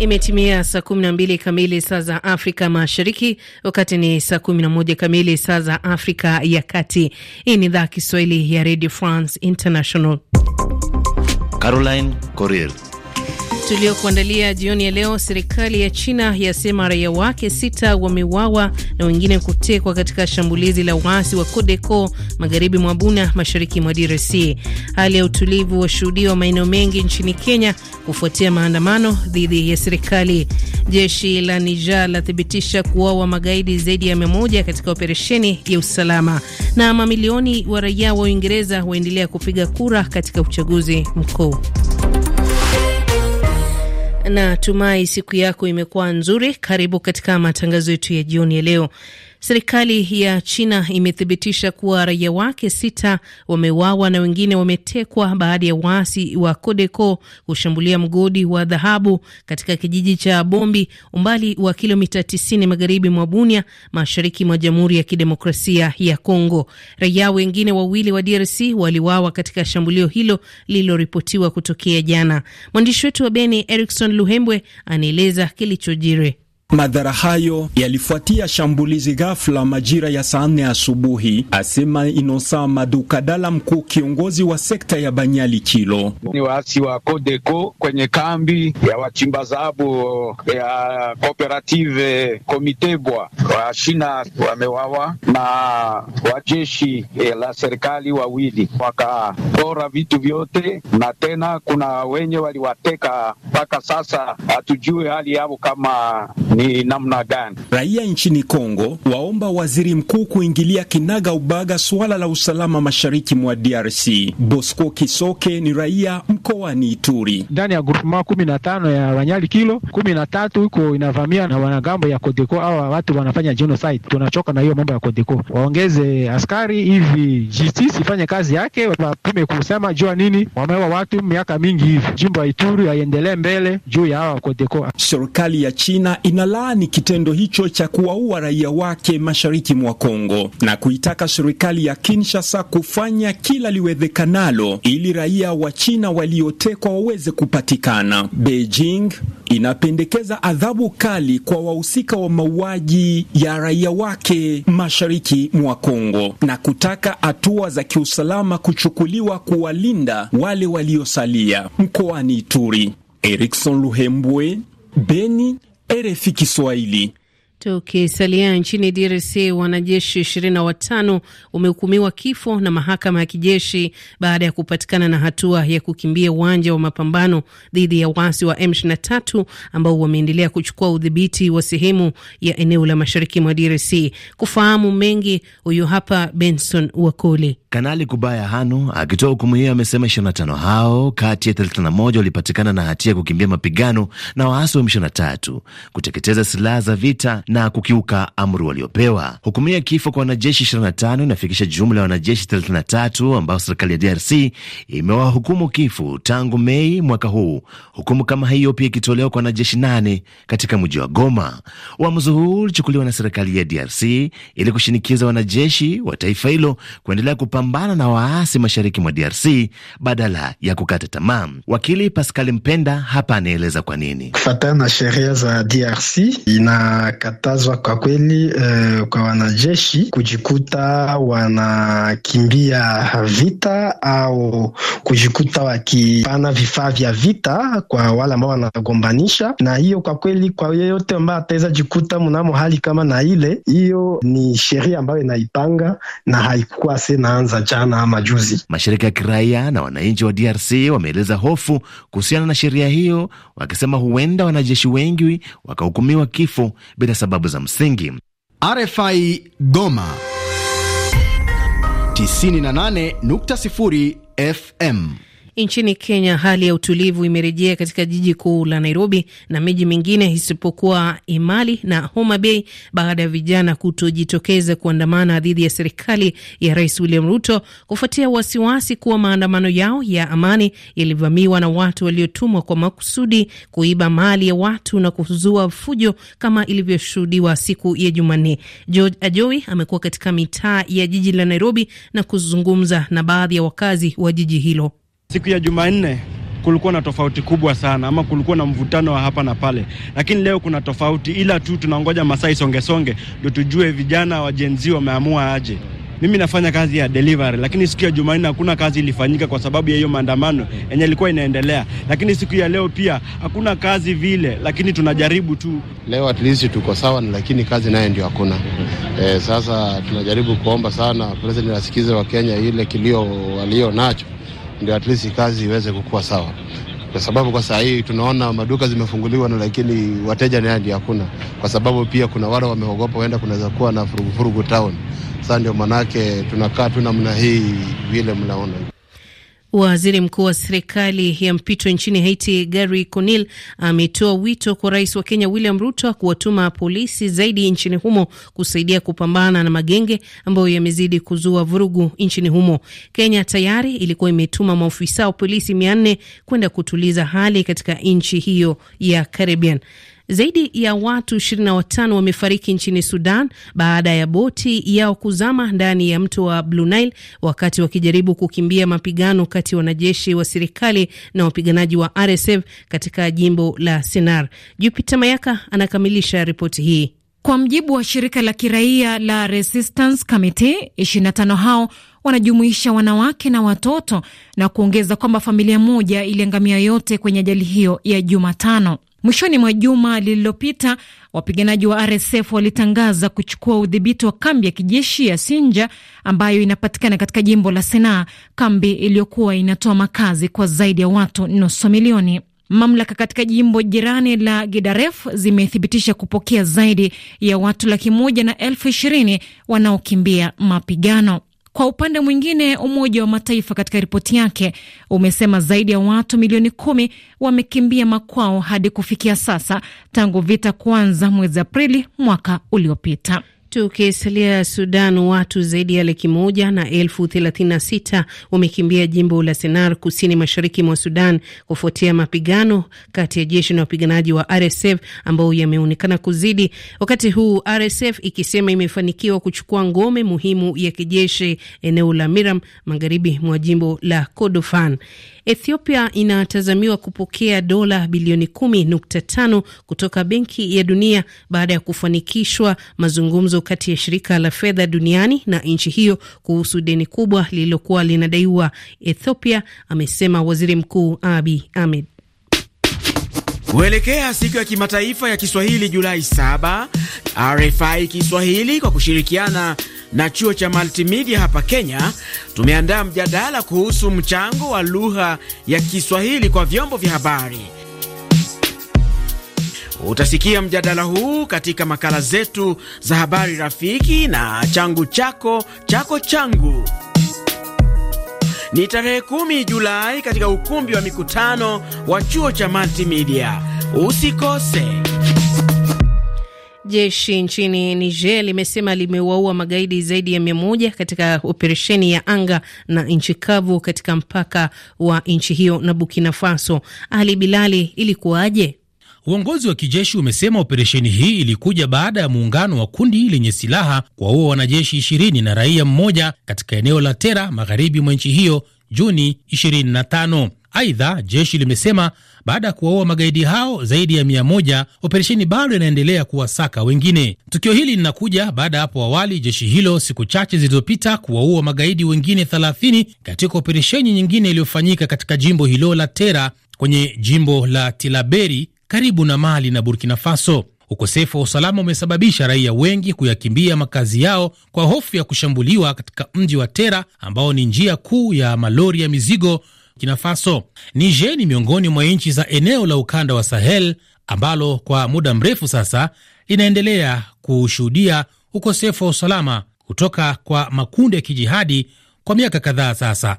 Imetimia saa 12 kamili saa za Afrika Mashariki, wakati ni saa 11 kamili saa za Afrika ya Kati. Hii ni idhaa Kiswahili ya Radio France International. Caroline Corrier tuliokuandalia jioni ya leo. Serikali ya China yasema raia wake sita wameuawa na wengine kutekwa katika shambulizi la waasi wa Codeco magharibi mwa Buna, mashariki mwa DRC. Hali ya utulivu washuhudiwa maeneo mengi nchini Kenya kufuatia maandamano dhidi ya serikali. Jeshi la Niger lathibitisha kuuawa magaidi zaidi ya mia moja katika operesheni ya usalama, na mamilioni wa raia wa Uingereza waendelea kupiga kura katika uchaguzi mkuu. Natumai siku yako imekuwa nzuri. Karibu katika matangazo yetu ya jioni ya leo. Serikali ya China imethibitisha kuwa raia wake sita wameuawa na wengine wametekwa baada ya waasi wa Codeco kushambulia mgodi wa dhahabu katika kijiji cha Bombi, umbali wa kilomita 90 magharibi mwa Bunia, mashariki mwa Jamhuri ya Kidemokrasia ya Kongo. Raia wengine wawili wa DRC waliuawa katika shambulio hilo lililoripotiwa kutokea jana. Mwandishi wetu wa Beni, Erikson Luhembwe, anaeleza kilichojiri. Madhara hayo yalifuatia shambulizi ghafla majira ya saa nne asubuhi, asema Inosa Madukadala, mkuu kiongozi wa sekta ya Banyali Kilo. Ni waasi wa Codeco kwenye kambi ya wachimba dhahabu ya Cooperative Komitebwa, washina wamewawa na wajeshi eh, la serikali wawili wakapora vitu vyote, na tena kuna wenye waliwateka mpaka sasa hatujui hali yao kama ni namna gani. Raia nchini Kongo waomba waziri mkuu kuingilia kinaga ubaga suala la usalama mashariki mwa DRC. Bosco Kisoke ni raia mkoani Ituri, ndani ya grupema kumi na tano ya Wanyali kilo kumi na tatu huko inavamia na wanagambo ya Kodeko. au watu wanafanya genocide, tunachoka na hiyo mambo ya Kodeko. Waongeze askari hivi, justice ifanye kazi yake, wapime kusema jua nini wameua watu miaka mingi hivi. Jimbo ya Ituri haiendelee mbele mbele juu ya hawa Codeco. Serikali ya China inalaani kitendo hicho cha kuwaua raia wake mashariki mwa Kongo na kuitaka serikali ya Kinshasa kufanya kila liwezekanalo ili raia wa China waliotekwa waweze kupatikana. Beijing inapendekeza adhabu kali kwa wahusika wa mauaji ya raia wake mashariki mwa Kongo na kutaka hatua za kiusalama kuchukuliwa kuwalinda wale waliosalia mkoani Ituri. Erikson Luhembwe, Beni, RFI Kiswahili. Tukisalia nchini DRC, wanajeshi 25 wamehukumiwa kifo na mahakama ya kijeshi baada ya kupatikana na hatua ya kukimbia uwanja wa mapambano dhidi ya waasi wa M23 ambao wameendelea kuchukua udhibiti wa sehemu ya eneo la mashariki mwa DRC. Kufahamu mengi, huyu hapa Benson Wakoli. Kanali Kubaya Hanu akitoa hukumu hiyo amesema 25 hao kati ya 31 walipatikana na hatia ya kukimbia mapigano na waasi wa M23, kuteketeza silaha za vita na kukiuka amri waliopewa. Hukumu hiyo ya kifo kwa wanajeshi 25 inafikisha jumla ya wanajeshi 33 ambao serikali ya DRC imewahukumu kifo tangu Mei mwaka huu, hukumu kama hiyo pia ikitolewa kwa wanajeshi nane katika mji wa Goma. Uamuzi huu ulichukuliwa na serikali ya DRC ili kushinikiza wanajeshi wa taifa hilo kuendelea kupa kupambana na waasi mashariki mwa DRC badala ya kukata tamaa. Wakili Pascal Mpenda hapa anaeleza kwa nini. Kufatana na sheria za DRC inakatazwa kwa kweli uh, kwa wanajeshi kujikuta wanakimbia vita au kujikuta wakipana vifaa vya vita kwa wale ambao wanagombanisha, na hiyo kwa kweli, kwa yeyote ambaye ataweza jikuta mnamo hali kama na ile, hiyo ni sheria ambayo inaipanga na haikuwa senaanza ilianza jana ama juzi. Mashirika ya kiraia na wananchi wa DRC wameeleza hofu kuhusiana na sheria hiyo, wakisema huenda wanajeshi wengi wakahukumiwa kifo bila sababu za msingi. RFI Goma 98.0 FM Nchini Kenya, hali ya utulivu imerejea katika jiji kuu la Nairobi na miji mingine isipokuwa Imali na Homa Bay baada ya vijana kutojitokeza kuandamana dhidi ya serikali ya Rais William Ruto kufuatia wasiwasi kuwa maandamano yao ya amani yalivamiwa na watu waliotumwa kwa makusudi kuiba mali ya watu na kuzua fujo kama ilivyoshuhudiwa siku ya Jumanne. George Ajoi amekuwa katika mitaa ya jiji la Nairobi na kuzungumza na baadhi ya wakazi wa jiji hilo. Siku ya Jumanne kulikuwa na tofauti kubwa sana ama kulikuwa na mvutano wa hapa na pale, lakini leo kuna tofauti, ila tu tunangoja masaa isongesonge ndio tujue vijana wa Gen Z wameamua aje. Mimi nafanya kazi ya delivery, lakini siku ya Jumanne hakuna kazi ilifanyika kwa sababu ya hiyo maandamano yenye ilikuwa inaendelea, lakini siku ya leo pia hakuna kazi vile, lakini tunajaribu tu. Leo at least tuko sawa, lakini kazi naye ndio hakuna. E, sasa tunajaribu kuomba sana president asikize Kenya ile kilio walio nacho ndio at least kazi iweze kukua sawa, kwa sababu kwa saa hii tunaona maduka zimefunguliwa na lakini wateja ni hadi hakuna, kwa sababu pia kuna wale wameogopa huenda kunaweza kuwa na furugufurugu town. Sasa ndio manake tunakaa tu namna hii vile mnaona. Waziri mkuu wa serikali ya mpito nchini Haiti, Gary Conil, ametoa wito kwa rais wa Kenya William Ruto kuwatuma polisi zaidi nchini humo kusaidia kupambana na magenge ambayo yamezidi kuzua vurugu nchini humo. Kenya tayari ilikuwa imetuma maofisa wa polisi mia nne kwenda kutuliza hali katika nchi hiyo ya Caribbean. Zaidi ya watu 25 wamefariki nchini Sudan baada ya boti yao kuzama ndani ya mto wa Blue Nile wakati wakijaribu kukimbia mapigano kati ya wanajeshi wa serikali na wapiganaji wa RSF katika jimbo la senar Jupiter Mayaka anakamilisha ripoti hii. Kwa mjibu wa shirika la kiraia la Resistance Committee, 25 hao wanajumuisha wanawake na watoto na kuongeza kwamba familia moja iliangamia yote kwenye ajali hiyo ya Jumatano. Mwishoni mwa juma lililopita, wapiganaji wa RSF walitangaza kuchukua udhibiti wa kambi ya kijeshi ya Sinja ambayo inapatikana katika jimbo la Senaa, kambi iliyokuwa inatoa makazi kwa zaidi ya watu nusu milioni. Mamlaka katika jimbo jirani la Gidaref zimethibitisha kupokea zaidi ya watu laki moja na elfu ishirini wanaokimbia mapigano. Kwa upande mwingine, Umoja wa Mataifa katika ripoti yake umesema zaidi ya watu milioni kumi wamekimbia makwao hadi kufikia sasa tangu vita kuanza mwezi Aprili mwaka uliopita. Tukisalia Sudan, watu zaidi ya laki moja na elfu thelathini na sita wamekimbia jimbo la senar kusini mashariki mwa Sudan kufuatia mapigano kati ya jeshi na wapiganaji wa RSF ambao yameonekana kuzidi, wakati huu RSF ikisema imefanikiwa kuchukua ngome muhimu ya kijeshi eneo la Miram magharibi mwa jimbo la Kordofan. Ethiopia inatazamiwa kupokea dola bilioni 10.5 kutoka Benki ya Dunia baada ya kufanikishwa mazungumzo kati ya shirika la fedha duniani na nchi hiyo kuhusu deni kubwa lililokuwa linadaiwa Ethiopia, amesema waziri mkuu abi Ahmed. Kuelekea siku ya kimataifa ya Kiswahili Julai 7, RFI Kiswahili kwa kushirikiana na chuo cha Multimedia hapa Kenya tumeandaa mjadala kuhusu mchango wa lugha ya Kiswahili kwa vyombo vya habari. Utasikia mjadala huu katika makala zetu za habari rafiki na changu chako chako changu. Ni tarehe 10 Julai katika ukumbi wa mikutano wa chuo cha Multimedia. Usikose. Jeshi nchini Niger limesema limewaua magaidi zaidi ya mia moja katika operesheni ya anga na nchi kavu katika mpaka wa nchi hiyo na Burkina Faso. Ali Bilali, ilikuwaje? Uongozi wa kijeshi umesema operesheni hii ilikuja baada ya muungano wa kundi lenye silaha kuwaua wanajeshi ishirini na raia mmoja katika eneo la Tera magharibi mwa nchi hiyo Juni 25. Aidha, jeshi limesema baada ya kuwaua magaidi hao zaidi ya mia moja, operesheni bado inaendelea kuwasaka wengine. Tukio hili linakuja baada ya hapo awali jeshi hilo siku chache zilizopita kuwaua magaidi wengine 30 katika operesheni nyingine iliyofanyika katika jimbo hilo la Tera kwenye jimbo la Tilaberi karibu na Mali na Burkina Faso. Ukosefu wa usalama umesababisha raia wengi kuyakimbia makazi yao kwa hofu ya kushambuliwa katika mji wa Tera ambao ni njia kuu ya malori ya mizigo Burkina Faso. Niger ni miongoni mwa nchi za eneo la ukanda wa Sahel ambalo kwa muda mrefu sasa linaendelea kushuhudia ukosefu wa usalama kutoka kwa makundi ya kijihadi kwa miaka kadhaa sasa.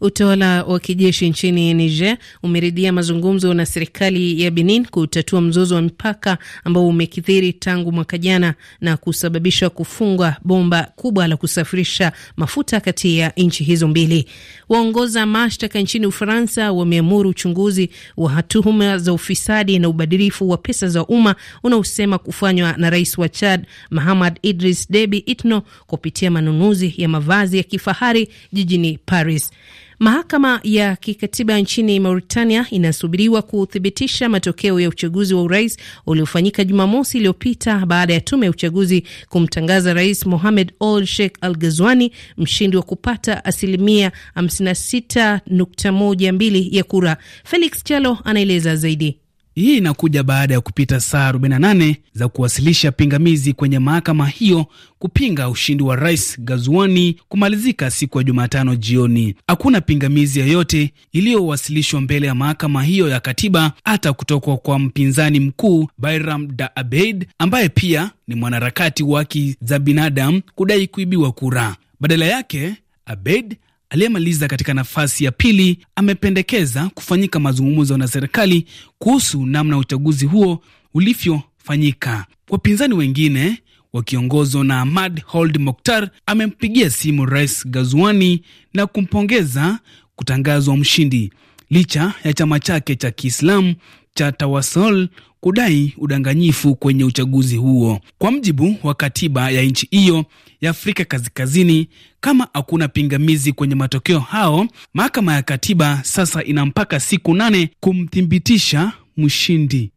Utawala wa kijeshi nchini Niger umeridhia mazungumzo na serikali ya Benin kutatua mzozo wa mipaka ambao umekithiri tangu mwaka jana na kusababisha kufungwa bomba kubwa la kusafirisha mafuta kati ya nchi hizo mbili. Waongoza mashtaka nchini Ufaransa wameamuru uchunguzi wa tuhuma za ufisadi na ubadilifu wa pesa za umma unaosema kufanywa na rais wa Chad Mahamad Idris debi Itno kupitia manunuzi ya mavazi ya kifahari jijini Paris. Mahakama ya kikatiba nchini Mauritania inasubiriwa kuthibitisha matokeo ya uchaguzi wa urais uliofanyika Jumamosi iliyopita baada ya tume ya uchaguzi kumtangaza Rais Mohamed Ould Sheikh Al gazwani mshindi wa kupata asilimia 56.12 ya kura. Felix Chalo anaeleza zaidi. Hii inakuja baada ya kupita saa 48 za kuwasilisha pingamizi kwenye mahakama hiyo kupinga ushindi wa rais Gazuani kumalizika siku ya Jumatano jioni. Hakuna pingamizi yoyote iliyowasilishwa mbele ya mahakama hiyo ya katiba, hata kutoka kwa mpinzani mkuu Bairam Da Abeid ambaye pia ni mwanaharakati wa haki za binadamu kudai kuibiwa kura. Badala yake Abeid aliyemaliza katika nafasi ya pili amependekeza kufanyika mazungumzo na serikali kuhusu namna uchaguzi huo ulivyofanyika. Wapinzani wengine wakiongozwa na Ahmad Hold Mokhtar amempigia simu Rais Gazuani na kumpongeza kutangazwa mshindi licha ya chama chake cha Kiislamu cha Tawasol kudai udanganyifu kwenye uchaguzi huo. Kwa mjibu wa katiba ya nchi hiyo ya Afrika Kaskazini, kama hakuna pingamizi kwenye matokeo hao, mahakama ya katiba sasa ina mpaka siku nane kumthibitisha mshindi.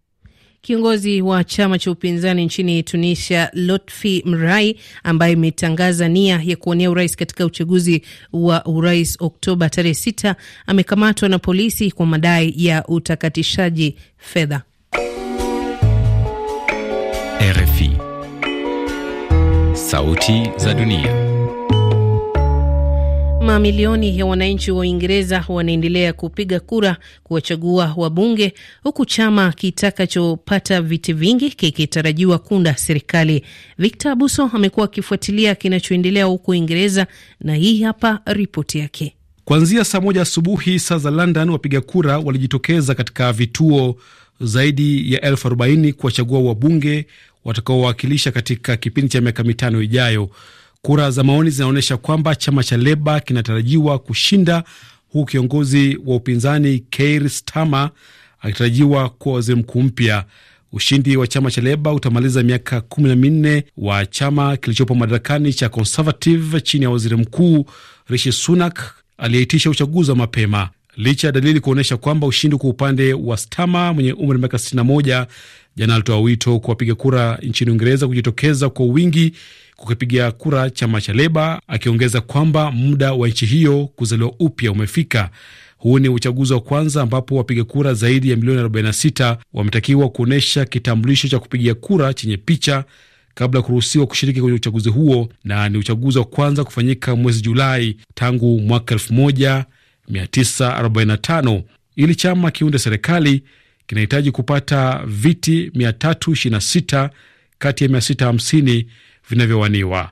Kiongozi wa chama cha upinzani nchini Tunisia, Lotfi Mrai, ambaye imetangaza nia ya kuonea urais katika uchaguzi wa urais Oktoba tarehe 6, amekamatwa na polisi kwa madai ya utakatishaji fedha. RFI. Sauti za Dunia. Mamilioni ya wananchi wa Uingereza wanaendelea kupiga kura kuwachagua wabunge, huku chama kitakachopata viti vingi kikitarajiwa kunda serikali. Victor Abuso amekuwa akifuatilia kinachoendelea huko Uingereza na hii hapa ripoti yake. Kuanzia saa moja asubuhi saa za London, wapiga kura walijitokeza katika vituo zaidi ya elfu arobaini kuwachagua wabunge watakaowakilisha katika kipindi cha miaka mitano ijayo. Kura za maoni zinaonyesha kwamba chama cha Leba kinatarajiwa kushinda huku kiongozi wa upinzani Keir Starmer akitarajiwa kuwa waziri mkuu mpya. Ushindi wa chama cha Leba utamaliza miaka kumi na minne wa chama kilichopo madarakani cha Conservative chini ya waziri mkuu Rishi Sunak aliyeitisha uchaguzi wa mapema licha ya dalili kuonyesha kwamba ushindi kwa upande wa Stama mwenye umri wa miaka 61 Jana alitoa wito kwa wapiga kura nchini Uingereza kujitokeza kwa wingi kukipiga kura chama cha Leba, akiongeza kwamba muda wa nchi hiyo kuzaliwa upya umefika. Huu ni uchaguzi wa kwanza ambapo wapiga kura zaidi ya milioni 46 wametakiwa kuonyesha kitambulisho cha kupigia kura chenye picha kabla ya kuruhusiwa kushiriki kwenye uchaguzi huo, na ni uchaguzi wa kwanza kufanyika mwezi Julai tangu mwaka 1945 ili chama kiunde serikali kinahitaji kupata viti 326 kati ya 650 vinavyowaniwa.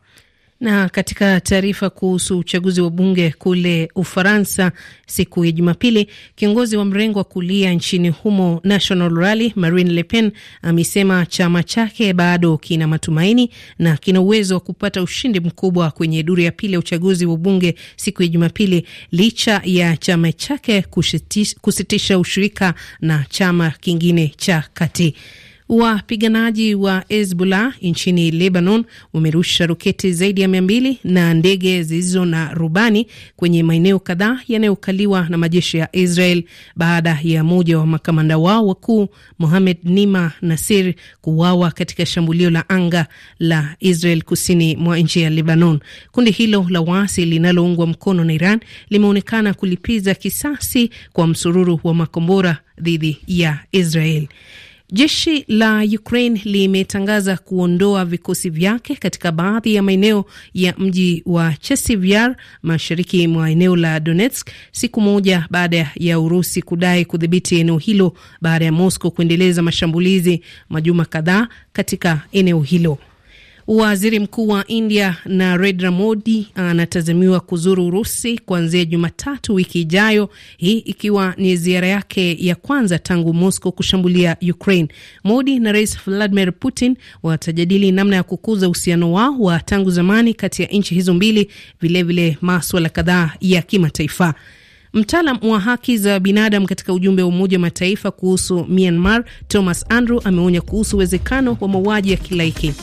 Na katika taarifa kuhusu uchaguzi wa bunge kule Ufaransa siku ya Jumapili, kiongozi wa mrengo wa kulia nchini humo National Rally, Marine Le Pen amesema chama chake bado kina matumaini na kina uwezo wa kupata ushindi mkubwa kwenye duru ya pili ya uchaguzi wa bunge siku ya Jumapili, licha ya chama chake kusitisha ushirika na chama kingine cha kati. Wapiganaji wa Hezbollah nchini Lebanon wamerusha roketi zaidi ya mia mbili na ndege zilizo na rubani kwenye maeneo kadhaa yanayokaliwa na majeshi ya Israel baada ya mmoja wa makamanda wao wakuu Mohamed Nima Nasir kuuawa katika shambulio la anga la Israel kusini mwa nchi ya Lebanon. Kundi hilo la waasi linaloungwa mkono na Iran limeonekana kulipiza kisasi kwa msururu wa makombora dhidi ya Israel. Jeshi la Ukraine limetangaza kuondoa vikosi vyake katika baadhi ya maeneo ya mji wa Chesivyar mashariki mwa eneo la Donetsk, siku moja baada ya Urusi kudai kudhibiti eneo hilo baada ya Moscow kuendeleza mashambulizi majuma kadhaa katika eneo hilo. Waziri mkuu wa India Narendra Modi anatazamiwa kuzuru Urusi kuanzia Jumatatu wiki ijayo, hii ikiwa ni ziara yake ya kwanza tangu Moscow kushambulia Ukraine. Modi na Rais Vladimir Putin watajadili namna ya kukuza uhusiano wao wa tangu zamani kati ya nchi hizo mbili, vilevile maswala kadhaa ya kimataifa. Mtaalam wa haki za binadamu katika ujumbe wa Umoja wa Mataifa kuhusu Myanmar, Thomas Andrew, ameonya kuhusu uwezekano wa mauaji ya kilaiki.